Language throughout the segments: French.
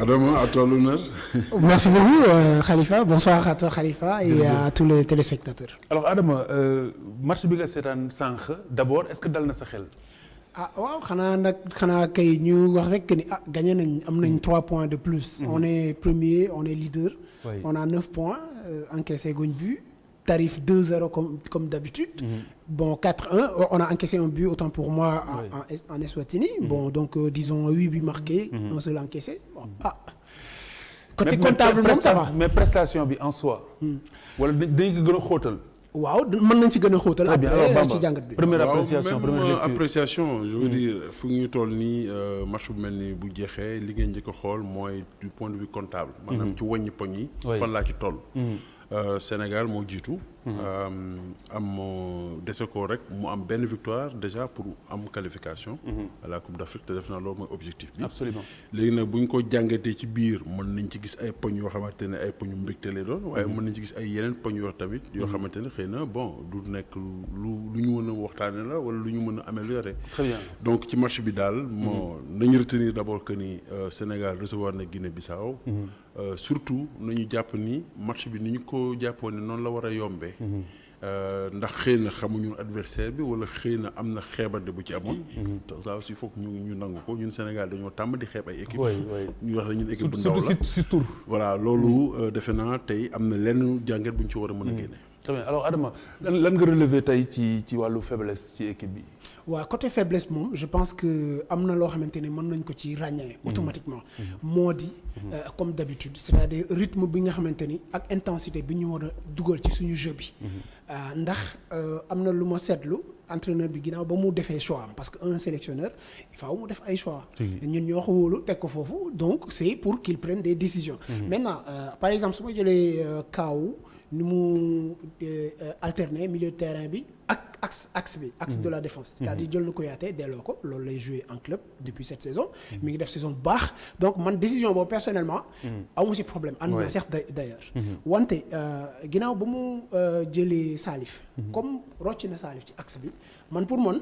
Adama, à toi l'honneur. Merci beaucoup, euh, Khalifa. Bonsoir à toi, Khalifa, et à tous les téléspectateurs. Alors, le euh, match bi C'est un 5. d'abord est-ce que tu as sa ah waaw avons ah, gagné 3 mm. points de plus. Mm-hmm. on est premier on est leader. on a 9 points euh, encaissé but tarif 2-0 comme, d'habitude. Mhm. Bon, 4-1, on a encaissé un but, autant pour moi, en, en, Eswatini. Mhm. Bon, donc euh, disons 8 buts marqués, on se l'a encaissé. Bon, mhm. ah. Côté mais, comptable, mais ça va. Mais prestation en soi, voilà, hmm. Wow, première appréciation, première appréciation, je veux hmm. dire, il faut que nii euh, match bu mel bu jeexee li ngeen moi du point de vue comptable. Hmm. maintenant ci wàññi ni pogni, fan la ci euh, Sénégal moo jiitu. Mhm. Euh, am dese ko rek mu am ben victoire déjà pour am qualification. Mhm. à la Coupe d'Afrique te def naa loolu mooy objectif bi. absolument léegi nag buñ ko jàngatee ci biir mën nañ ci gis ay poñ yo xamante ay poñu mbikté lé doon. waye mhm. mën nañ ci gis ay yenen poñ yo tamit. yo xamante xeyna bon du nek lu lu ñu mën la wala luñu ñu mën améliorer. très bien donc ci match bi dal mo nañu retenir d'abord que ni euh, Sénégal recevoir na Guinée-Bissau. Euh, surtout nañu jàpp ni match bi ni ñu ko jàppoon ne noonu la war a yombee. Mhm. Euh, ndax xëy na xamuñu adversaire bi wala xëy na am na xeebade bu ci amoon. te mhm. ça aussi foog ñu ñu nangu ko ñun Sénégal dañoo tàmm di xeeb ay équipe ñu wax la ñun équipe bu ndaw surtout voilà loolu euh, defe naa tey am na lenn jàngat bu ñu ci war a mën a mhm. génne. très bien Adama lan lan nga relever tey ci ci wàllu faiblesse ci équipe bi. waaw côté faiblesse moom je pense que amna lo loo xamante mën nañ ko ci automatiquement modi euh, comme d'habitude c'est-à-dire rythme bi nga xamante ak intensité bi ñu wara duggal ci suñu jeu bi euh, ndax euh, am na lu entraîneur bi ginaaw ba mu défé choix parce que un sélectionneur il faut mu def ay choix ñun ñoo ko wóolu ko fofu, donc c'est pour qu'il prenne des décisions mhm. maintenant euh, par exemple su ma jëlee kaaw nous mu euh, alterner milieu de terrain bi ak axe axe bi. axe de la mhm. défense. c'est-à-dire mhm. jël nous Koyaté delloo ko loolu lay jouer en club depuis cette saison. Mhm. mi ngi def saison bax donc man décision boobu personnellement. amu aussi problème ànd naa sax d'ailleurs. wante euh, ginnaaw ba mu euh, jëlee Salif. comme rocci na Salif ci axe bi man pour mon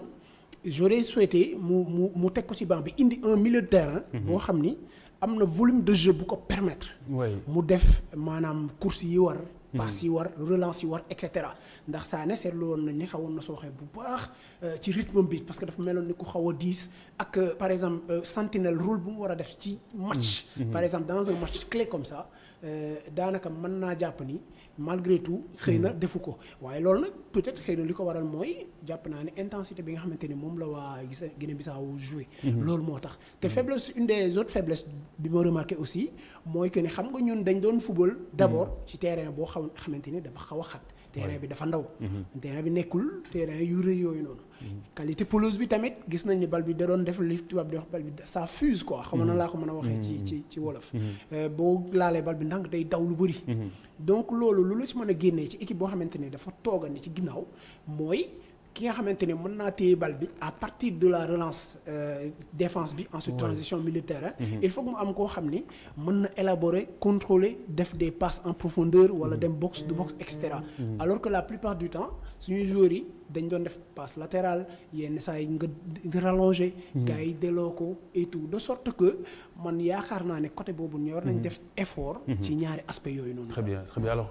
j'aurais souhaité mu mu mu teg ko ci banc bi indi un milieu de terrain. boo xam ni volume de jeu bu ko permettre. mu def manam course yi war. passe yi war relance yi war et cetera ndax Sané seetlu woon nañ ne xawoon na sooxee bu baax euh, ci rythme bi parce que dafa meloon ni ku xaw a diis ak euh, par exemple euh, Sentinel rôle bu mu war a def ci match mm, mm-hmm. par exemple dans un match clé comme ça daanaka mën naa jàpp ni malgré tout xëy na mm-hmm. defu ko waaye loolu nag peut-être xëy na li ko waral mooy jàpp naa ne intensité bi nga xamante ni moom la waa Guinée-Bissau joué mm-hmm. loolu moo tax te faiblesse une des autres faiblesses bi ma remarqué aussi mooy que ne xam nga ñun dañ doon football d'abord ci terrain boo xaw xamante ni dafa xaw a xat terrain bi dafa ndaw. Mhm. terrain bi nekkul terrain yu rëy yooyu noonu. Mhm. qualité pelouse bi tamit gis nañ ni bal bi da doon def li tubaab di wax bal bi ça fuse quoi. xam na mhm. laa ko mën a waxee ci ci ci wolof. Euh, boo laalee bal bi ndànk day daw lu bëri. donc loolu lu la ci mën a génnee ci équipe boo xamante ne dafa toogandi ci ginnaaw mooy ki nga maintenu ni mën naa bal à partir de la relance euh, défense bi en ce transition militaire hein. mhm. il faut que mu am koo xam mën élaborer contrôler def des passes en profondeur wala mhm. dem box de box etc. Mhm. alors que la plupart du temps suñu joueurs yi dañ doon def passe latérale yenn saa nga rallonger gars yi delloo ko et tout de sorte que man yaakaar naa ne côté boobu ñor nañ def effort ci ñaari aspect yooyu noonu très bien très bien alors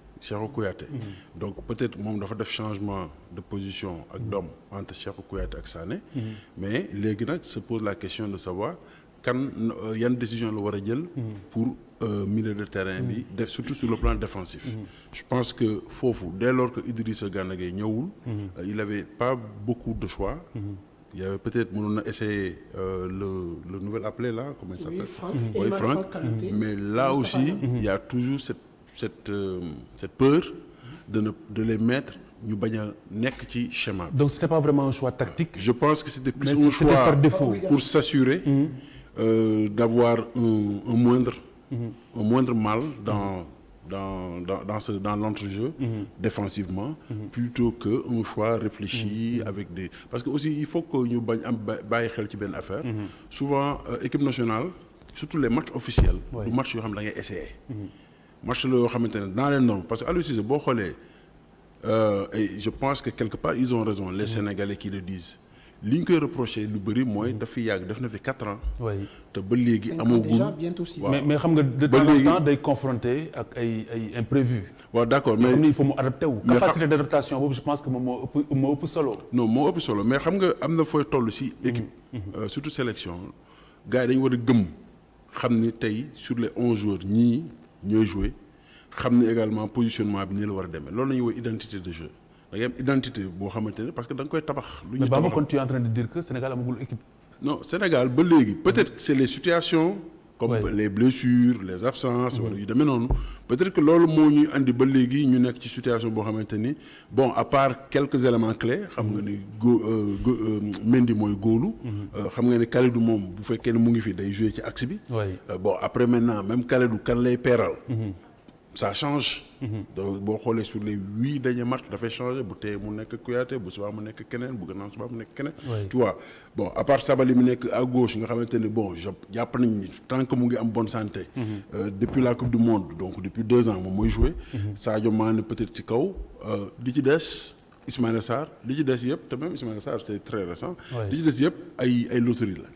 Mm-hmm. donc peut-être moom dafa def changement de position ak mm-hmm. entre Cheikhou Kouyaté ak Sané. Mm-hmm. mais les nak se posent la question de savoir quand il euh, décision a une décision jël. pour euh, miner le terrain surtout sur le plan défensif. je pense que fofu dès lors que Idrissa Gana Gueye euh, il avait pas beaucoup de choix. il y avait peut-être le le nouvel appelé là comment il s'appelle. oui mais là aussi il y a toujours cette cette, euh, cette peur de, les mettre nous baignons un schéma Donc donc c'était pas vraiment un choix tactique. je pense que c'était plus un choix pour s'assurer mm-hmm. euh, d'avoir un, moindre mm-hmm. moindre mal dans mm-hmm. dans dans dans, l'entrejeu défensivement plutôt qu'un choix réfléchi avec des parce que aussi il faut que nous bañ am xel souvent euh, équipe nationale surtout les matchs officiels. les matchs où xam da moi je le xamante dans les normes parce que Aliou Cissé boo xoolee euh, et je pense que quelque part ils ont raison les mm-hmm. Sénégalais qui le disent li ñu koy reproché lu bëri mooy mm-hmm. daf fi yàgg def na fi quatre ans. te ba léegi amagul mais mais xam nga de temps en temps confronté ak ay imprévu imprévus. d'accord d' mais il faut mu adapté wu. capacité d'adaptation, adaptation je pense que moom moo solo. non moo ëpp solo mais xam nga am na fooy toll mm-hmm. équipe euh, surtout sélection gars yi dañu war a xam ni sur les onze joueurs ni mieux jouer xam ne également positionnement de nii la war jeu. demee la identité de jeu identité parce que da nga koy tabax. lu ñu tabax mais tu es en train de dire que le Sénégal amagul équipe. non le Sénégal ba peut-être c'est les situations comme ouais. les blessures les absences mhm. wala yu peut-être que loolu moo ñuy andi ba léegi ñu nekk ci situation boo xamante bon à part quelques éléments clés xam nga mhm. ni go euh, euh, Mendy mooy góolu mhm. euh, xam nga ni Kalidou moom bu fekkee ne mu ngi fi day jouer ci axe bi bon après maintenant même Kalidou kan lay peeral ça change. Mhm. donc on xoolee sur les huit derniers matchs fait changer bu tey mu nekk Kouyaté bu subaa mu nekk Kenen, bu gannaaw subaa mu nekk keneen. tu vois bon à part Sabaly mu est à gauche nga xamante ne bon jàpp nañ ni tant que mu ngi am bonne santé. Mhm. Euh, depuis la coupe du monde donc depuis deux ans je joue, jouer. Mhm. Sadio Mané peut-être ci kaw euh, li ci des. Ismaël Sarr li ci des yëpp même Ismaël Sarr c'est très récent. li ci des yëpp ay ay loterie là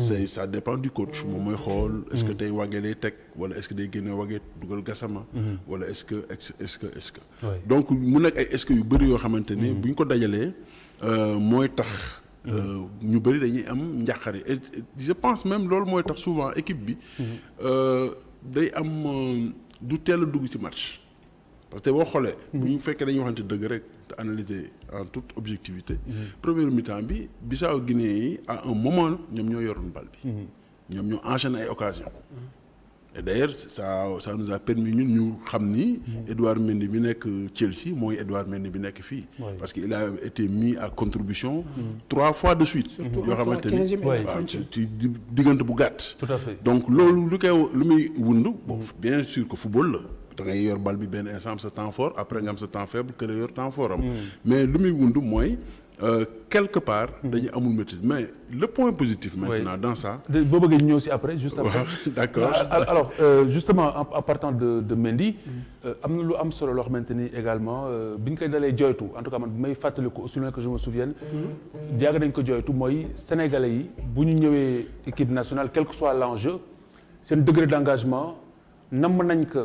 c'est mm. ça dépend du coach moom mooy xool. est-ce que tey mm. Wagué lay teg wala est-ce que day génne Wagué dougal Gassama. Mm. wala est-ce que est-ce que est-ce que. donc mu nekk est-ce que yu bëri yo xamante buñ ko dajalé euh moy tax euh ñu bëri dañuy am njàqare je pense même lool moy tax souvent équipe bi. euh day am euh, du teel a dugg ci match. parce que bo xolé bu ñu dañuy waxante deug rek analysé en toute objectivité. Mhm. premier mi-temps bi Bissau Guinée à un moment nous avons eu une bi. Mhm. enchaîné ay et d'ailleurs ça ça nous a permis nous ñu Edouard mhm. Mendy bi nekk Chelsea moi Edouard Mendy bi fille parce qu'il a été mis à contribution. trois fois de suite. Il a été mis à contribution donc ce lu koy lu bien sûr que football da Balbi yor bal bi temps fort après ngam ce temps faible que yor temps fort hmm. mais lu muy wund moy Euh, quelque part hmm. dañu amul maîtrise mais le point positif maintenant dans ça bo bëggee ñëw ci après juste après d'accord ah, ah, alors euh, justement en partant de, de Mendy hmm. euh, amna lu am solo également euh, biñ ñu koy joytu en tout cas man may may ko aussi loin que je me souvienne yàgg nañ ko joytu moy sénégalais yi bu ñu équipe nationale quel que soit l'enjeu c'est un degré d'engagement namm nañ ko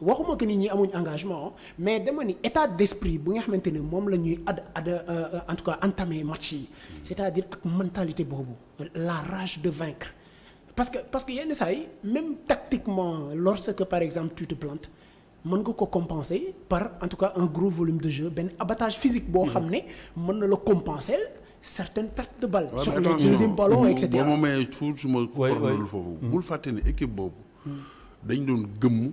waxuma que nit ñi amuñ engagement mais dama ni état d'esprit bu nga xamante mom la ñuy ad ad euh, en tout cas entamer match yi c'est-à-dire ak mentalité bobu la rage de vaincre parce que parce que yenn saa même tactiquement lorsque par exemple tu te plantes mën nga ko compenser par en tout cas un gros volume de jeu ben abattage physique bo xamné mën na la compenser certaines pertes de balles. sur les deuxième ballon et cetera. boo ma mayee toujours ma. waay waay foofu. Mm. équipe bobu dañ doon gëmm.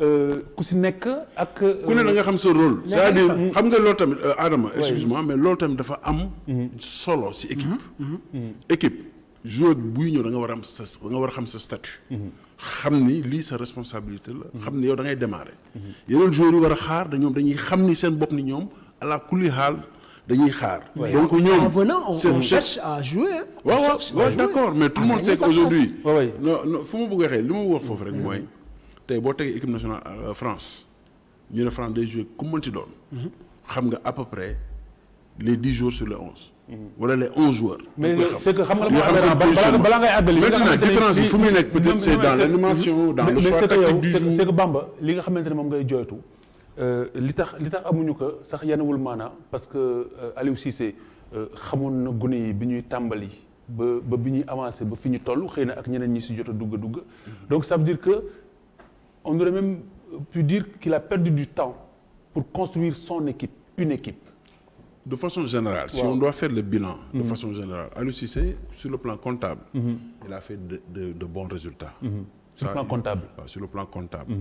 Euh, ku si nekk ak. Euh, ku ne nga xam sa rôle. c'est-à-dire xam nga loolu tamit euh, Adama. excuse-moi mais loolu tamit dafa am. Mhm. solo si équipe. Mhm. Mhm. équipe joueur buy ñëw da nga war am da nga war xam sa statut. Xamni li sa responsabilité la. xamni yow da ngay démarrer. yeneen joueur yi war a xaar da dañuy xam ni seen bopp ni ñoom la kulli xaal. dañuy xaar. donc ñoom en hein. on cherche à jouer. on cherche waaw waaw d'accord mais tout le ah, monde sait qu'aujourd'hui. non non fu ma bëgg a waxee li ma wax foofu rek mooy tey boo tegee équipe nationale euh, France ñu France xam à peu près les 10 jours sur les 11. wala les 11 joueurs. mais c'est que différence peut-être c'est dans l'animation dans le choix tactique du jour. c'est que Bamba li nga euh, li tax li tax amuñu ko parce que euh, Aliou Cissé ba ba donc ça veut dire que on aurait même pu dire qu'il a perdu du temps pour construire son équipe, une équipe. De façon générale, si on doit faire le bilan, de mhm. façon générale, à l'UCC, sur le plan comptable, mhm. il a fait de, bons résultats. Mhm. Ah, sur le plan comptable. sur le plan comptable.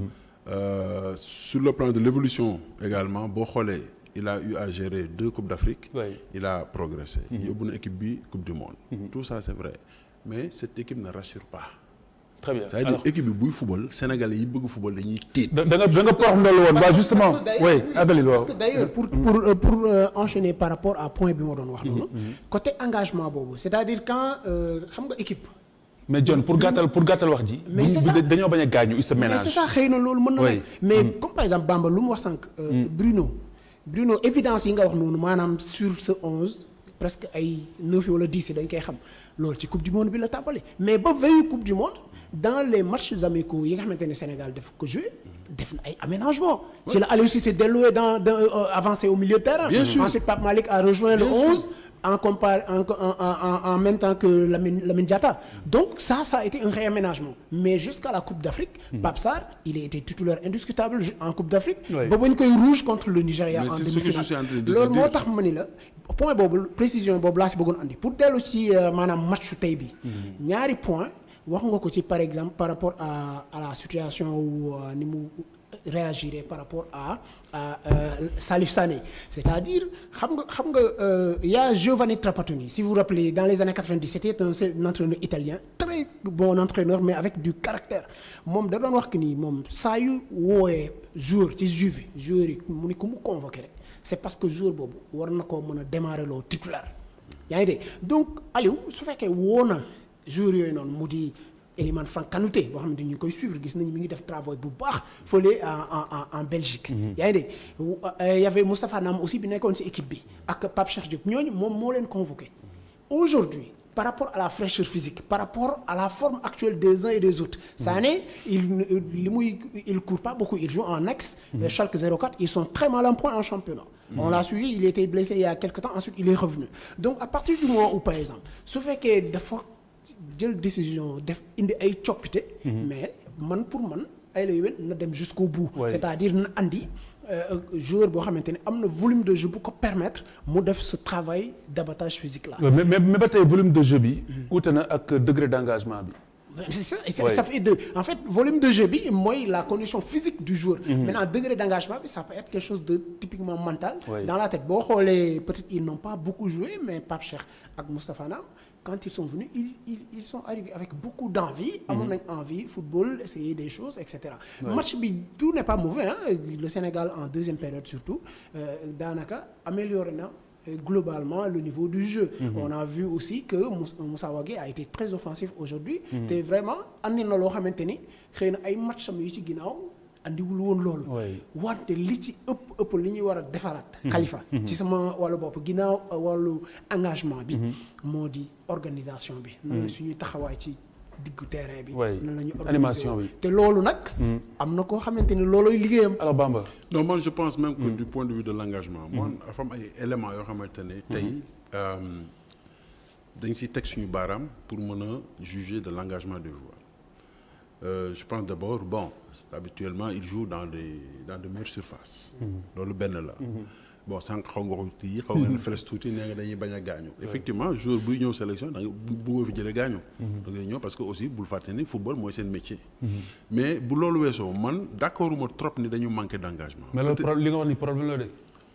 sur le plan de l'évolution également, Bokhole, il a eu à gérer deux Coupes d'Afrique. Il a progressé. Il y a une équipe B, Coupe du Monde. Tout ça, c'est vrai. Mais cette équipe ne rassure pas très bien c'est-à-dire équipe bi buy football sénégalais yi bëgg football dañuy tiit. da nga da nga justement. oui abali waaw parce que d'ailleurs pour pour euh, pour euh, enchaîner par rapport à point bi ma doon wax mhm, mhm. côté engagement c'est-à-dire quand euh, xam nga équipe. mais John pour gâter pour gàttal wax di mais c'est ça dañoo il se ménage. mais c'est ça xëy lolu mën na mais mhm. comme par exemple Bamba lu mu wax sànq. Bruno Bruno évidence yi nga wax noonu manam sur ce 11, presque ay neuf wala c'est dañ koy xam loolu la coupe du monde bi la tàmbali mais ba veille coupe du monde dans les matchs amicaux yi nga xamante ne Sénégal def ko jouer. def na ay aménagement ci la Aliou Cissé delluwee dans dans euh, avancé au milieu de terrain. bien sûr ensuite Pape Malick a rejoint le 11 en, en, en, en, même temps que la, la Mendiata. Donc ça, ça a été un réaménagement. Mais jusqu'à la Coupe d'Afrique, mm il a été titulaire indiscutable en Coupe d'Afrique. Oui. Bobo rouge contre le Nigeria Mais en demi-finale. loolu moo tax ma ni la point boobu précision boblas laa c'est bëggoon andi pour tel aussi euh, maanaam matchu tey bi mhm. point wax nga ko par exemple par rapport à, à la situation où réagirait par rapport à, euh, Salif Sané. C'est-à-dire, euh, il y a Giovanni Trapattoni, si vous vous rappelez, dans les années 90, c'était un, entraîneur italien, très bon entraîneur, mais avec du caractère. Mom un jour c'est parce que jour démarrer Donc jour Eliman Franck Kanouté boo xam ne ñu koy suivre gis nañu mi ngi def travail bu en Belgique. Mhm. Il euh, y avait Moustapha Nam aussi bi nekkoon ci équipe bi ak Pape Cherche Diop convoqué. aujourd'hui par rapport à la fraîcheur physique par rapport à la forme actuelle des uns et des autres. Cette mhm. il ils muy il court pas beaucoup il joue en axe. Mhm. Euh, Schalke 04 ils sont très mal en point en championnat. on l'a suivi il était blessé il y a quelques temps ensuite il est revenu donc à partir du moment où par exemple ce que des fois, jël décision def indi ay coppite. Mhm. mais man pour man ay lay nous na jusqu'au bout. c'est-à-dire na andi euh, joueur bo xamante amna volume de jeu pour permettre de def ce travail d'abattage physique là. mais mais mais volume de jeu bi. le mhm. na ak degré d'engagement bi. ça fait En fait, volume de jeu, moi, la condition physique du joueur. Mhm. mais -hmm. degré d'engagement, ça peut être quelque chose de typiquement mental. Dans la tête, bon, peut-être ils n'ont pas beaucoup joué, mais pas Cher avec Moustapha Nam, quand ils sont venus, ils, sont arrivés avec beaucoup d'envie, mhm. envie, football, essayer des choses, etc. Le Match n'est pas mauvais. Hein. Le Sénégal, en deuxième période surtout, euh, Danaka amélioré euh, globalement le niveau du jeu. Mhm. On a vu aussi que Moussa Wagé a été très offensif aujourd'hui. Mm vraiment, un lo xamanteni, match andiwul won lolou wante li ci ëpp ëpp li ñuy wara défarat mhm. khalifa mhm. ci sama walu bop ginaaw euh, walu engagement bi. Mhm. modi organisation bi. nan la suñuy taxawaay ci diggu terrain bi. nan lañu ñu organisation bi té loolu nak amna ko koo xamante ligéyam loolooy alors Bamba. non man je pense même que du point de vue de l'engagement engagement. afam ay élément yo xamante tay euh dañ ci tek suñu baram pour mën juger de l'engagement de des euh, je pense d'abord, bon, habituellement, il joue dans, des, dans de meilleures surfaces. dans le Benel. bon sànq xaw nga ko kii xaw nga ne mhm. fait tuuti nee nga dañuy bañ a effectivement joueur buy en sélection da nga bëggoo fi jëlee gaañu. Mhm. da parce que aussi bul football mooy un métier. Mhm. mais bu loolu weesoo man d'accord, accord trop ni dañu manqué d'engagement. mais mais problème li nga wax problème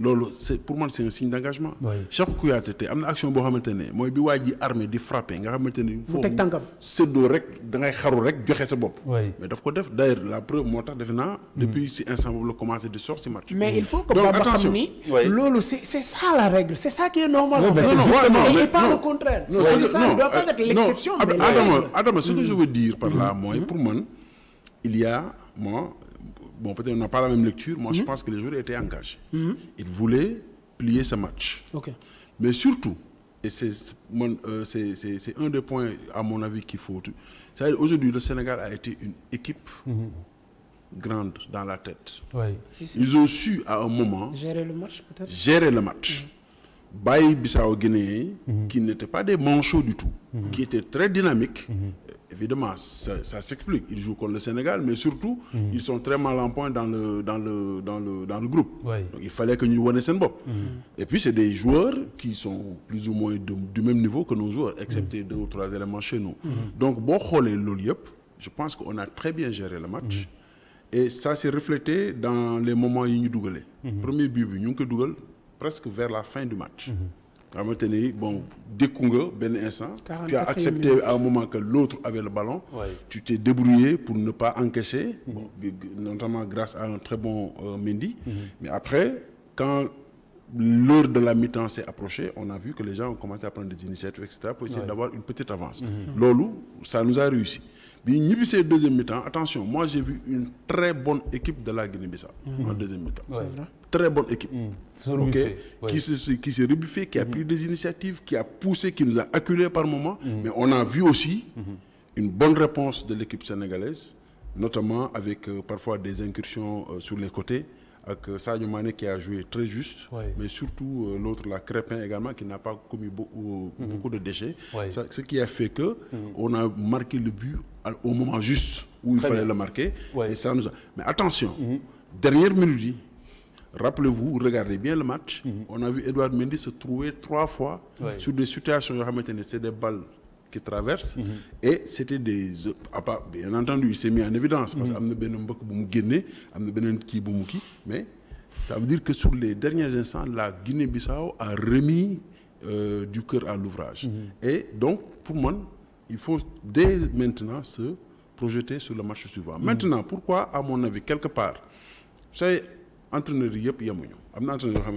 Lolo, c'est pour moi c'est un signe d'engagement. Cheikhou Kouyaté tey am na action boo xamante ne mooy bi waa ji armée di frapper nga xamante ni. mu teg dans séddoo rek da ngay xaru rek joxe sa bopp. mais daf ko def d'ailleurs la preuve moo tax defe mm. depuis si instant boobu la commencé di c'est si match. mais il faut que papa xam lolo c'est c'est ça la règle c'est ça qui est normal. non non pas le contraire. non c'est ça ne doit pas euh, être l'exception. Adama Adama ce que je veux mm. dire par là mm. Moi, pour moi, il y a moi bon, peut-être on n'a pas la même lecture. Moi, je mhm. pense que les joueurs étaient engagés. Mhm. Ils voulaient plier ce match. Mais surtout, et euh, c'est un des points, à mon avis, qu'il faut. Aujourd'hui, le Sénégal a été une équipe mhm. grande dans la tête. Ils ont su, à un moment, gérer le match. Gérer le match. Baye bissau qui n'était pas des manchots du tout, qui était très dynamiques, Évidemment, ça, s'explique. Ils jouent contre le Sénégal, mais surtout, mhm. ils sont très mal en point dans le, dans le, dans le, dans le groupe. Donc, il fallait que nous Wanasenbo. Mmh. Et puis, c'est des joueurs qui sont plus ou moins du même niveau que nos joueurs, excepté mhm. deux ou trois éléments chez nous. Mhm. Donc, bon, je pense qu'on a très bien géré le match. Et ça s'est reflété dans les moments où nous Premier but, nous avons presque vers la fin du match bon tu as accepté à un moment que l'autre avait le ballon. tu t'es débrouillé pour ne pas encaisser. Mhm. notamment grâce à un très bon euh, Mendy. Mhm. mais après quand. l'heure de la mi-temps s'est approchée, on a vu que les gens ont commencé à prendre des initiatives, etc., pour essayer d'avoir une petite avance. Mhm. Lolo, ça nous a réussi deuxième mi-temps attention moi j'ai vu une très bonne équipe de la Guinée-Bissau mm. en deuxième mi-temps très bonne équipe mm. qui s'est rebuffée qui a mm-hmm. pris des initiatives qui a poussé qui nous a acculés par moment mm-hmm. mais on a vu aussi mm-hmm. une bonne réponse de l'équipe sénégalaise notamment avec euh, parfois des incursions euh, sur les côtés avec Sadio Mané qui a joué très juste, mais surtout euh, l'autre, la Crépin également, qui n'a pas commis euh, mhm. beaucoup, de déchets. ce qui a fait que mhm. on a marqué le but au moment juste où il fallait le marquer. Et ça nous Mais attention, mhm. dernière minute, rappelez-vous, regardez bien le match, on a vu Edouard Mendy se trouver trois fois sur des situations, c'est des balles qui traverse. Mhm. Et c'était des. bien entendu, il s'est mis en évidence parce qu'il y a des qui qui mais ça veut dire que sur les derniers instants, la Guinée-Bissau a remis euh, du cœur à l'ouvrage. Mhm. Et donc, pour moi, il faut dès maintenant se projeter sur le match suivant. Mhm. Maintenant, pourquoi, à mon avis, quelque part, vous savez, entraîneur, il y a un entraîneur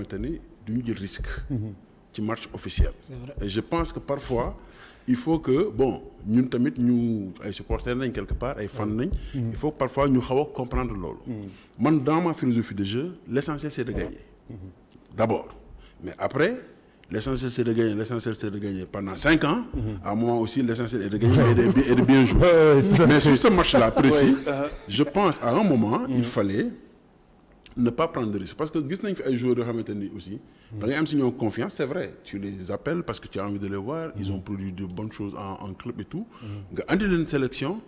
qui risque qui marche officiel. et je pense que parfois il faut que bon nous nous ñu supporters quelque part ay fans, il faut que parfois nous comprenions comprendre dans ma philosophie de jeu l'essentiel c'est de gagner. d'abord mais après. L'essentiel c'est de gagner, l'essentiel c'est de gagner pendant 5 ans. À moi moment aussi, l'essentiel est de gagner et de, bien jouer. Mais sur ce match-là précis, je pense à un moment, il fallait ne pas prendre de risque parce que gis est fi ay joueurs aussi. da Même am ont confiance c'est vrai tu les appelles parce que tu as envie de les voir. ils ont produit de bonnes choses en club et tout. nga a une sélection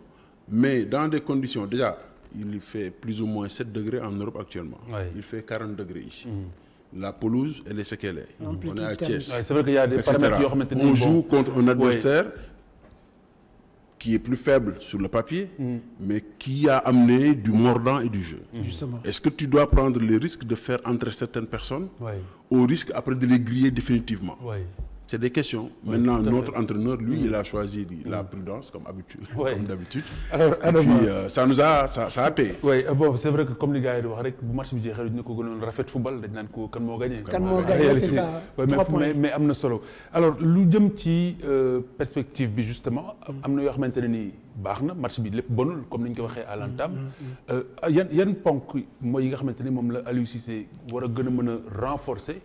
mais dans des conditions déjà il fait plus ou moins 7 degrés en Europe actuellement. il fait 40 degrés ici. Mm. la pelouse elle est ce qu'elle est. on est à Thiès. c'est vrai qu'il y a des paramètres qui on joue contre un adversaire qui est plus faible sur le papier, mm. mais qui a amené du mordant et du jeu. Mm. Est-ce que tu dois prendre le risque de faire entrer certaines personnes au risque après de les griller définitivement c'est des questions. Maintenant, notre entraîneur, lui, mm. il a choisi la mm. prudence, comme, d'habitude. Et puis, euh, euh, ça nous a, ça, ça a payé. Oui, euh, bon, c'est vrai que comme les gars, ils disent, le match, ils ont de football, ils ont quand gagné. Quand même gagné, c'est ça. Oui, mais, mais, mais il solo. Alors, une qui euh, perspective, justement, il y a maintenant baax match bi bonul comme nous ñu ko à l'entame Il mm, y ponk mooy yi nga xamante ni moom la Aliou c'est, war a gën renforcer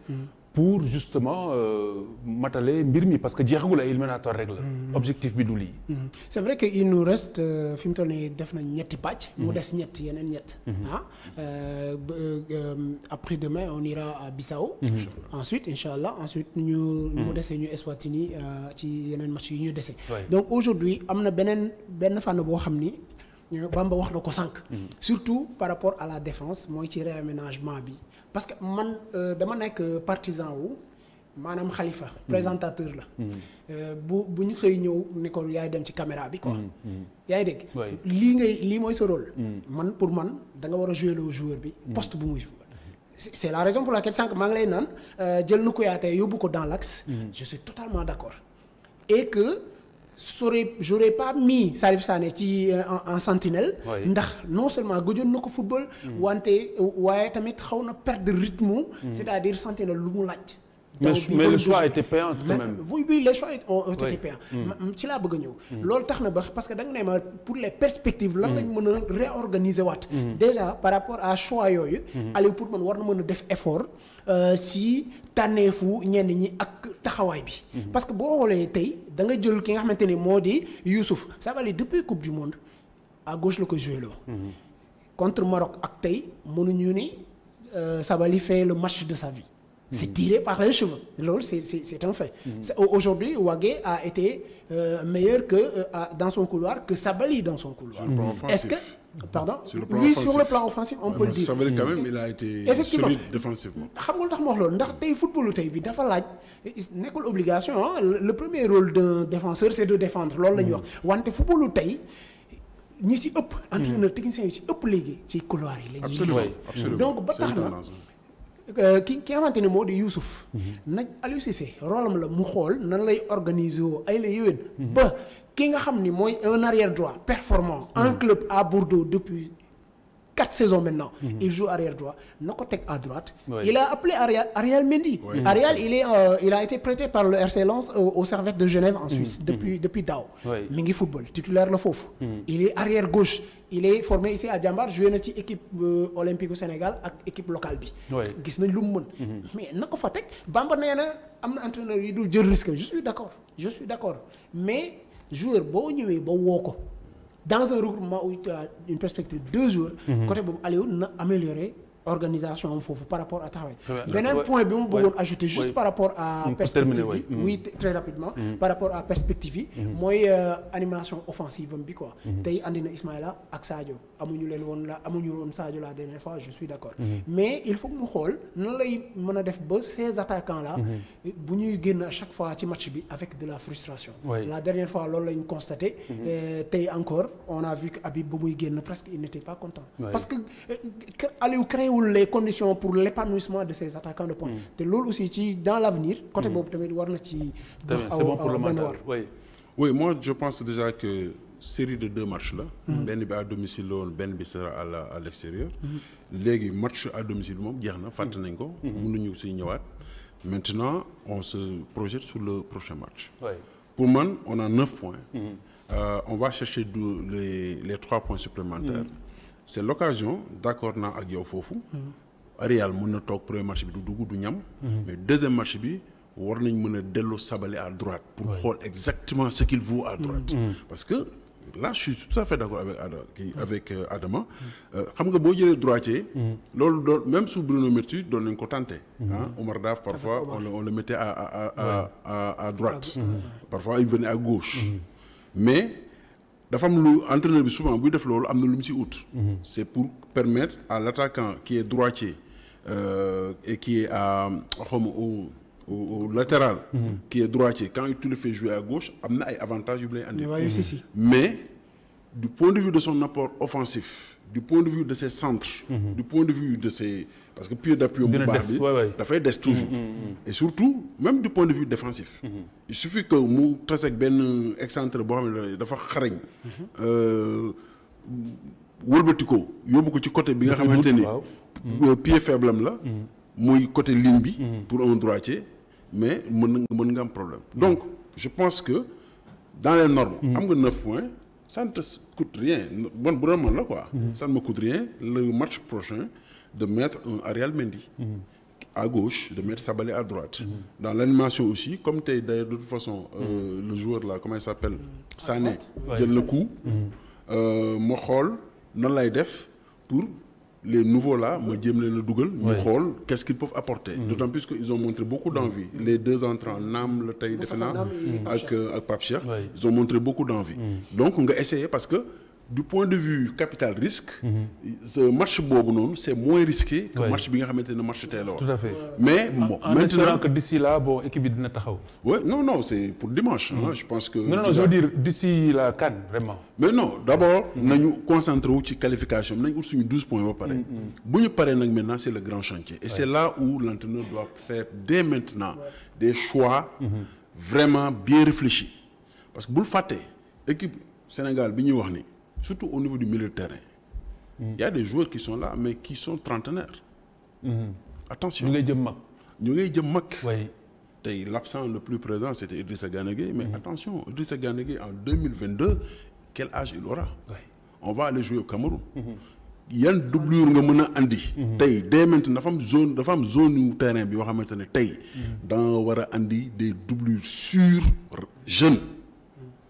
pour justement euh, matale mbir parce que jeexagul ay éliminatoire rek règle mm-hmm. objectif biduli mm-hmm. c'est vrai que il nous reste euh, fi mu toll nii def nañ ñetti pàcc. Mm-hmm. mu des ah euh, après demain on ira à Bissau. ensuite inshallah ensuite ñu. mu dese ñu Eswatini ci un match yi ñu dese. donc aujourd'hui am benen beneen benn fànn Bamba wax no ko surtout par rapport à la défense mooy ci réaménagement bi parce que man euh, dama nek partisan wu manam Khalifa mhm. présentateur la mhm. euh, bu bu ñu xey ñew ni ko yaay dem ci caméra bi quoi mhm. yaay dégg li ngay li moy sa rôle man pour man da nga wara jouer le joueur bi poste bu muy jouer c'est la raison pour laquelle sank maa ngi lay euh, jël na Kouyaté yóbbu ko dans l'axe je suis totalement d'accord et que j'aurais pas mis Salif Sané ci euh, en sentinelle ndax non seulement gëjoon na ko football mm. wanté euh, waye tamit xawna na perdre rythme mm. c'est-à-dire sentinelle lu mu laaj mais, mais le choix était payant quand même. Oui, oui, les choix ont, ont oui. été payants. Mm. Ci laa bëgg a lool tax na ba parce que da nga pour les perspectives. lan lañ mëna réorganiser wat déjà par rapport à choix yooyu. aller pour man war mëna def effort. si euh, tànneefu ñenn ñi ak taxaway bi. parce que boo xoolee tey da nga jël ki nga xamanteni modi Yusuf. Youssouf depuis coupe du monde à gauche le ko jouer là. contre Maroc ak tey euh, ça ni aller fait le match de sa vie. Mhm. c'est tiré par les cheveux c'est un fait. Mhm. aujourd'hui wagé a été euh, meilleur que euh, dans son couloir que Sabali dans son couloir. est-ce que Pardon sur le plan Oui, offensif. sur le plan offensif, on peut le dire. Ça veut dire quand mm. même il a été Effectivement. solide défensivement. xam nga lu tax ma wax loolu ndax tey footballu tey bi dafa laaj nekkul obligation hein? le premier rôle d'un défenseur c'est de défendre loolu la ñuy wax mm. wante footballu tey ñi ci ëpp. entraîneur mm. technicien yi ci ëpp léegi ci couloir yi. la absolument donc ba tax na. Euh, ki ki xamante ne moo di Youssouf. Mm-hmm. nag Aliou Cissé rôlam la mu xool nan lay organiser ay la yéwén. Mm-hmm. ba ki nga xam un arrière droit performant un mm-hmm. club à Bordeaux depuis 4 saisons maintenant mm-hmm. il joue arrière droit na à droite il a appelé Ariel Mendy oui. il est euh, il a été prêté par le RC Lens au, au Servette de Genève en Suisse mm-hmm. depuis depuis Dao. oui. football titulaire le fouf. il est arrière gauche il est formé ici à Djambar, joué une équipe euh, olympique au Sénégal avec équipe locale bi gis nañ lu mën mais na fa Bamba na entraîneur yi risque je suis d'accord je suis d'accord mais joueur bon nuit ba wo ko dans un regroupement où tu as une perspective deux jours. Mhm. côté allé Aliou na améliorer organisation par rapport à taxawaay un point bi je bëggoon ajouter juste mm-hmm. par rapport à perspective oui très rapidement par rapport à perspective Moi, animation offensive bi quoi mm-hmm. Tay Andina Ismaïla ak Sadio la dernière fois je suis d'accord mm-hmm. mais il faut que nous xool nan lay ces attaquants là bu ñuy à chaque fois ci match avec de la frustration la dernière fois loolu lañ constaté Tay encore on a vu que Habib presque il n'était pas content parce euh, que Aliou créé les conditions pour l'épanouissement de ces attaquants de pointe de mm. l'eau aussi dans l'avenir quand tu mm. tamit voir le C'est bon pour le oui moi je pense déjà que série de deux matchs là Ben à domicile Ben à l'extérieur mm-hmm. les matchs à domicile mm-hmm. maintenant on se projette sur le prochain match pour moi on a neuf points mm-hmm. euh, on va chercher les les trois points supplémentaires c'est l'occasion d'accord na ak yow fofu Real meuna tok premier match bi du dugg du ñam mhm. mais deuxième match bi war nañ meuna dello sabali à droite pour xol exactement ce qu'il vaut à droite mhm. parce que là je suis tout à fait d'accord avec avec euh, Adama euh, xam nga bo droitier mhm. même sous Bruno Mertu, donne nañ ko Au hein. Omar Daf parfois on le mettait à à droite parfois il venait à gauche mais dafa femme lu entraîneur souvent oui def loolu amène le lu c'est pour permettre à l'attaquant qui est droitier euh, et qui est à au au latéral. Mhm. qui est droitier quand tu le fait jouer à gauche il avantage, ay avantage mais du point de vue de son apport offensif, du point de vue de ses centres, mhm. du point de vue de ses... Parce que pied d'appui au Mouba, il fait des toujours. Mhm, mhm, Et surtout, même du point de vue défensif. Il suffit que Mou Trasek Ben excentre Bohamed il y a beaucoup de côté Binga Pierre euh, pied faible là, Mouy côté Limbi pour un droitier, mais mon problème. Donc, je pense que dans les normes, il y a 9 points ça ne te coûte rien. Bon, vraiment là, quoi. Mhm. Ça ne me coûte rien le match prochain de mettre un Ariel Mendy mhm. à gauche, de mettre Sabalé à droite. Mhm. Dans l'animation aussi, comme tu es d'ailleurs de toute façon, euh, le joueur là, comment il s'appelle Sané, ouais, le coup, euh, Mohol, non pour les nouveaux là moi me qu'est-ce qu'ils peuvent apporter mm. d'autant plus qu'ils ont montré beaucoup d'envie mm. les deux entrants Nam, le tey defe avec avec euh, ils ont montré beaucoup d'envie mm. donc on a essayé parce que du point de vue capital risque. ce match bon, c'est moins risqué. que le marché bi nga xamante tout à fait mais en maintenant que d'ici là bon équipe de dina oui non non c'est pour dimanche. Hein. Mm-hmm. je pense que. non non, je veux dire d'ici la CAN vraiment. mais non d'abord, mm-hmm. nous concentrons concentré wu ci qualification Nous nañu 12 points ba pare. Mm-hmm. bu maintenant c'est le grand chantier. et c'est là où l'entraîneur doit faire dès maintenant des choix. vraiment bien réfléchis parce que bul équipe Sénégal bi surtout au niveau du milieu de terrain. Il y a des joueurs qui sont là, mais qui sont trentenaires. Mhm. Attention. Nous sommes L'absent le plus présent, c'était Idrissa Ganegé. Mais mhm. attention, Idrissa Ganegé, en 2022, quel âge il aura On va aller jouer au Cameroun. Il mhm. y nga a andi. tey dès maintenant en train zone se faire. zone ou terrain bi yoo a andi des doublures jeunes.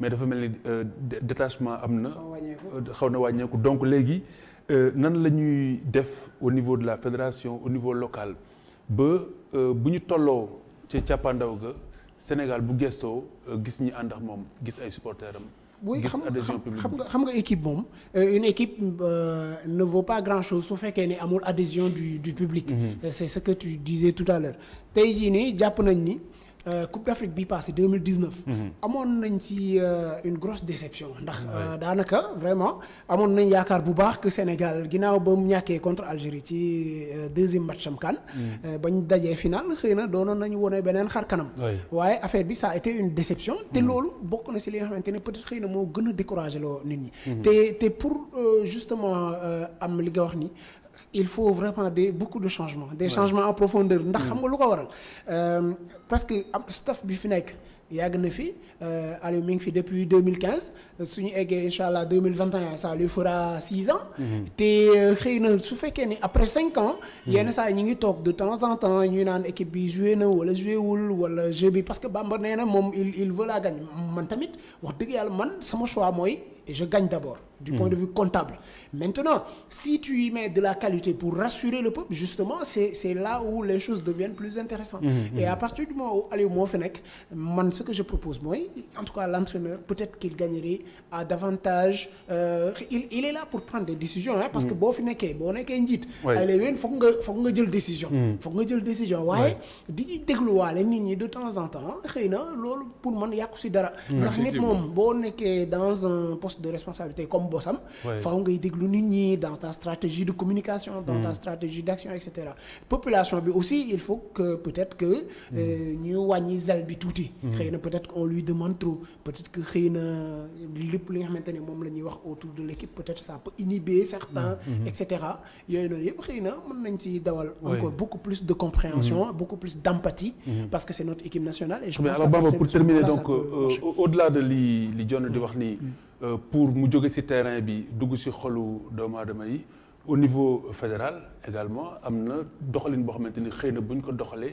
mais dafa mel ni euh, détachement am na. Euh, xaw na wàññeeku donc léegi euh, nan la ñuy def au niveau de la fédération au niveau local ba bu ñu tolloo ci càppandaw ga Sénégal bu gestoo gis ñi ànd ak moom gis ay supporters oui xam nga xam nga équipe moom une équipe euh, ne vaut pas grand chose su fekkee ni amul adhésion du du public. Mm -hmm. c'est ce que tu disais tout à l'heure tey jii nii jàpp nañ ni. Euh, Coupe d'Afrique bii passé 2019. Mhm. amoon nañ ci euh, une grosse déception ndax euh, danaka vraiment amoon nañ yaakaar bu baax que Sénégal ginaaw bam ñaké contre Algérie ci deuxième match am kan. Mhm. bañ dajé final xeyna doono nañ woné benen xar kanam. Ouais, affaire bi ça a été une déception. té mhm. lolu bokk na ci li nga xamante peut-être xeyna mo gëna décourager lo nit ñi. té té pour justement am li nga wax ni il faut vraiment des beaucoup de changements des ouais. changements en profondeur ndax mm. xam nga lu waral euh, parce que le staff bi fi nekk yàgg na fi euh, Aliou mi ngi fi depuis 2015 suñu eggee incha 2021 ça lui fera 6 ans. Mm-hmm. te euh, xëy na ni après 5 ans. Mm-hmm. yenn saa yi ñu ngi de temps en temps ñu naan équipe bi joué na wala joué wul wala jeu bi parce que Bamba nee il il veut la gagner. man tamit wax dëgg man sama choix mooy et je gagne d'abord, du point mm. de vue comptable. Maintenant, si tu y mets de la qualité pour rassurer le peuple, justement, c'est là où les choses deviennent plus intéressantes. Mm, mm. Et à partir du moment où, allez, au Fenech, ce que je propose, moi, en tout cas, l'entraîneur, peut-être qu'il gagnerait à davantage. Euh, il, il, est là pour prendre des décisions, hein, parce que bon Fenech, bon il faut que une décision. faut que je décision. Ouais, de temps en temps, hein, pour moi, il y a aussi d'ara. que, dans un poste de responsabilité comme Bossam il faut que nit dans ta stratégie de communication dans hmm. ta stratégie d'action etc population aussi il faut que peut-être que nous hmm. euh, wàññi zel hmm. peut-être qu'on lui demande trop peut-être que nous na li autour de l'équipe peut-être ça peut inhiber certains etc Il y a encore beaucoup plus de compréhension beaucoup plus d'empathie parce que c'est notre équipe nationale et je pour terminer donc euh, au-delà de li li John di euh, pour mu jóge ci terrain bi dugg ci xolu doomu aadama yi au niveau fédéral également amna doxalin bo xamanteni xeyna buñ ko doxalé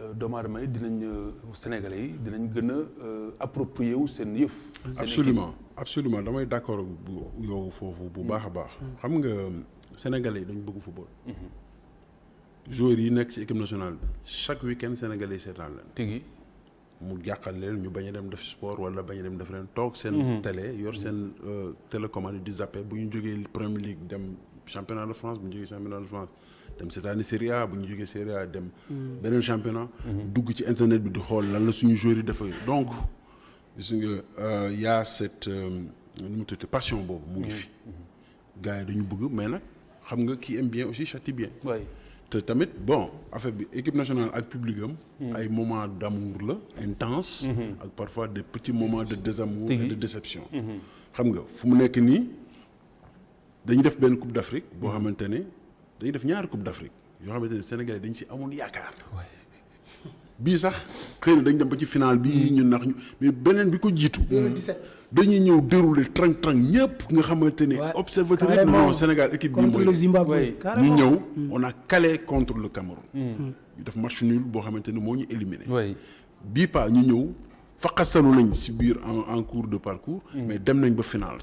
euh, doomu aadama yi dinañ euh, Sénégalais yi dinañ gëna a approprier wu yëf. absolument absolument damay d'accord bu yow foofu bu baax baax. Mm-hmm. Mm-hmm. xam nga Sénégalais yi dañ bëgg football. Mm-hmm. joueur yi nek ci équipe nationale chaque week-end Sénégalais yi seetaan mu jàkkal leen ñu bañ a dem def sport wala bañ a dem def leen toog seen mhm. télé yor seen euh, télécommande di zappé bu ñu jógee Premier League dem championnat de France bu ñu jógee championnat de France dem année série A bu ñu jógee Serie A dem mhm. beneen championnat mhm. dugg ci internet bi di xool lan la suñu joueurs yi dafa donc gis nga euh, y'a cette euh, nu mu tuddee passion boobu mu ngi fi gars yi dañu bëgg mais nag xam nga qui aime bien aussi chatti bien bon affaire bi équipe nationale ak public am. Hmm. ay moments d'amour intense. Hmm. parfois des petits moments de désamour. et de déception. Hmm. xam nga fu mu nekk nii nous def benn coupe d'Afrique, Afrique boo xamante ne def coupe d'Afrique Afrique yoo xamante ne Sénégalais dañ si amoon bii sax xëy na dem ba ci final bii hmm. ñu nax mais benen bi ko jiitu. dañuy ñëw dérouler trang trang ñëpp nga xamante observateur du Sénégal équipe bi mooy. ñu ñëw hmm. on a calé contre le Cameroun. Hmm. ñu def match nul bo xamante mo ñu éliminé. bi pa ñu ñëw faqastalu nañ si biir en cours de parcours mm. mais dem nañ ba final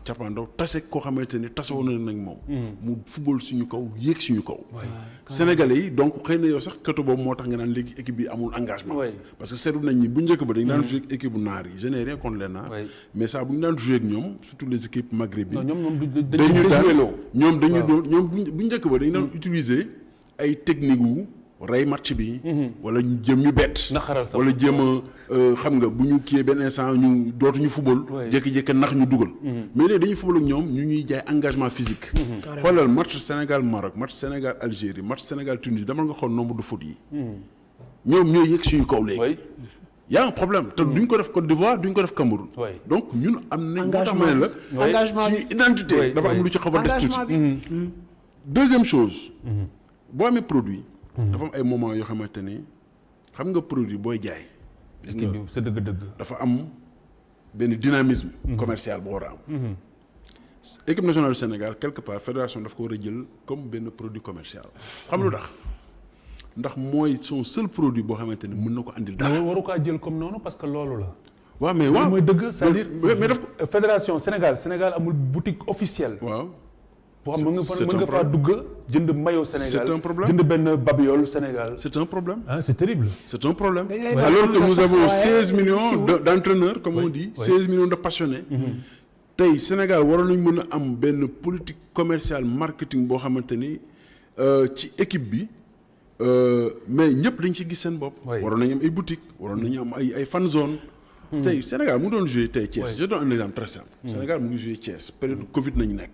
tase koo xamante ne nañ moom mm. mu football suñu kaw yéeg suñu kaw sénégalais donc xëy na sax boobu moo nga naan léegi équipe engagement parce que seetlu nañ ni bu njëkk ba dañ daan mm. joué ak équipe naar yi je rien contre les naar mais ça bu joué surtout les équipes maghrébines dañu daan ñoom dañu doon ñoom bu ba utiliser ay rey match bi. Mhm. wala ñu jëm ñu bett. wala jëm a euh, xam nga buñu kié kiiyee instant ñu dootu ñu football. jékki-jékki nax ñu duggal mhm. mais né dañu football ak ñom ñu ñuy jaay engagement physique. Mhm. xoolal match Sénégal Maroc match Sénégal Algérie match Sénégal Tunisie dama nga xool nombre de foot yi. ñom ñoy yëg suñu kaw léegi. y' a un problème te duñ ko def Côte d'Ivoire duñ ko def Cameroun. donc ñun am nañ. engagement la engagement suñu identité. dafa am lu ci xaw des tuuti. deuxième chose. boo amee produit dafa am ay moment yoo xamante ni xam nga produit booy jaay. c'est nga sa dëgg-dëgg. dafa am dynamisme. Mhm. commercial boo mhm. équipe nationale du Sénégal quelque part fédération daf ko war comme benn produit commercial. xam lu mhm. tax ndax c'est son seul produit boo xamante ni mën na ko andil. dara waru kaa jël comme noonu parce que loolu la. waaw mais waaw mais daf fédération Sénégal Sénégal amul boutique officielle c'est un problème c'est un problème ah, c'est terrible. c'est un problème alors que nous avons 16 millions d'entraîneurs comme on dit 16 millions de passionnés. Mhm. Tay, Sénégal on a am politique commerciale marketing qui xamante euh, équipe euh, mais ñëpp dañ ci gis seen bopp. a nañu boutiques des nañu am fan zone. Mhm. Sénégal mu doon joué chess. Thiès je donne un exemple très simple. Mhm. Sénégal mu ngi joué Thiès période Covid 19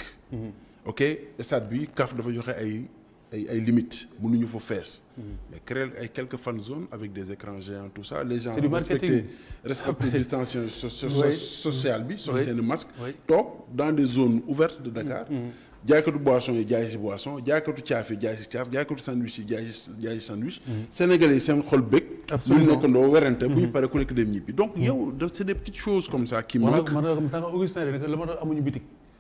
ok stade bi CAF dafa joxe ay ay ay limites mënuñu fa fees. Mhm. mais créer ay quelques fan zones avec des écrans géants tout ça. les gens respecter respecter distanciation sociale bi. sol seen masque Donc, dans des zones ouvertes de Dakar. Mhm. Mhm. jaaykatu boisson yi jaay si boisson jaaykatu caaf yi jaay si caaf jaaykatu sandwich yi jaay si jaay si sandwich. Sénégalais sen seen xol bëgg. absolument ñu nekkandoo werante. bu ñu paré ku nekk dem ñibbi donc yow c'est des petites choses comme ça. qui manquent Augustin la ma amuñu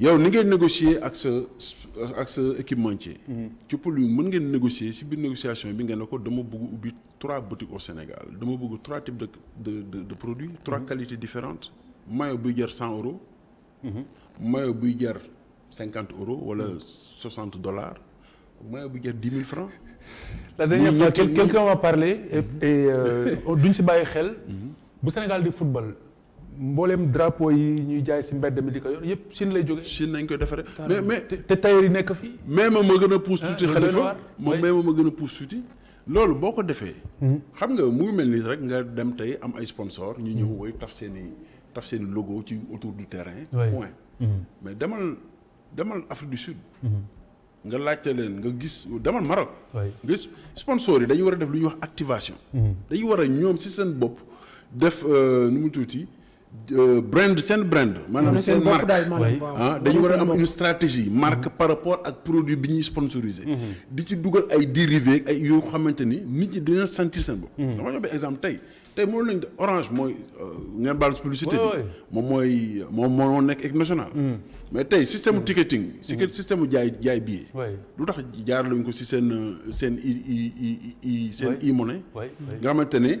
il ni a négocier ak sa ak sa équipementier ci pour lui mën ngeen négocier ci négociation bi ngeen trois boutiques au Sénégal dama bëgg trois types de de produits trois mhm. qualités différentes mayo buy 100 euros 50 mhm. euros mhm. ou 60 dollars mayo buy 10 000 francs la dernière fois quelqu'un m'a parlé et, et euh, duñ ci Sénégal du football mbooleem drapeau yi ñuy jaay si mbedd mi di ko yor yëpp Chine lay jógee. Chine nañ ko defaree. mais mais te tailleur yi nekk fii. mais moom ma gën a pousse ah, tuuti. xalifa moom mais moom ma gën a pousse tuuti. loolu boo ko defee. Hmm. xam nga mu ngi mel nii rek nga dem tey am ay sponsor ñu ñëw woy taf seen i taf seen logo ci autour du terrain. point hmm. mais demal demal Afrique du Sud. Hmm. nga laajte leen nga gis demal Maroc. nga gis sponsor yi dañu war a def lu ñuy wax activation. dañu war a ñoom si seen bopp def euh, nu mu tuuti. Euh, brand brand. Ah, a une stratégie marque par rapport à produit bi ñuy sponsorisé. Mhm. di ci dugal ay dérivés ay yo xamanteni nit ñi sentir mhm. exemple tay tay orange moy euh, publicité bi ek mhm. mais tay système ticketing. système jaay jaay de lu tax ko euh, i i i nga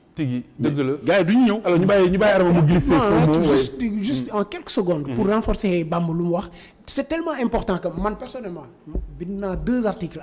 juste en quelques secondes. pour mm. renforcer Bamboulou c'est tellement important que moi personnellement deux articles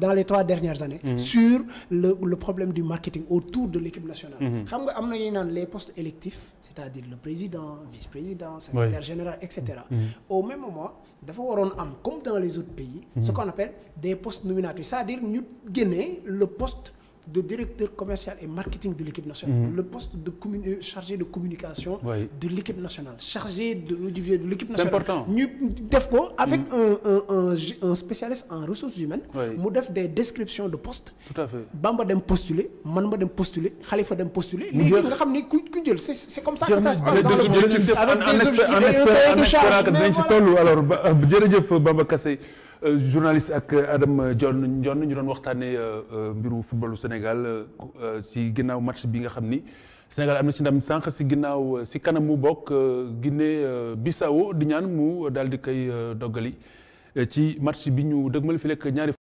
dans les trois dernières années. Mm. sur le problème du marketing autour de l'équipe nationale. Mm-hmm. xam les postes électifs c'est à dire le président vice président. secrétaire général etc. Mm-hmm. au même moment d'avoir comme dans les autres pays. ce mm-hmm. qu'on appelle des postes nominatifs cest à dire nous gagner le poste de directeur commercial et marketing de l'équipe nationale. Mhm. Le poste de euh, chargé de communication de l'équipe nationale. Chargé de, l'équipe nationale. C'est important. Nous, avec mhm. un, spécialiste en ressources humaines, nous des descriptions de postes. Tout à fait. Bamba dem postuler, Manba dem postuler, Khalifa dem postuler. C'est comme ça que ça se passe. Avec des objectifs, avec des objectifs, avec des journaliste ak Adam John John ñu doon waxtaanee euh, euh, mbiru footballu Sénégal euh, si ginnaaw match bi nga xam ni Sénégal am na si ndam sànq si ginnaaw si kanam mu bokk Guinée Bissau di ñaan mu daal di koy doggali ci match bi ñu dëgmal fi lekk ñaari.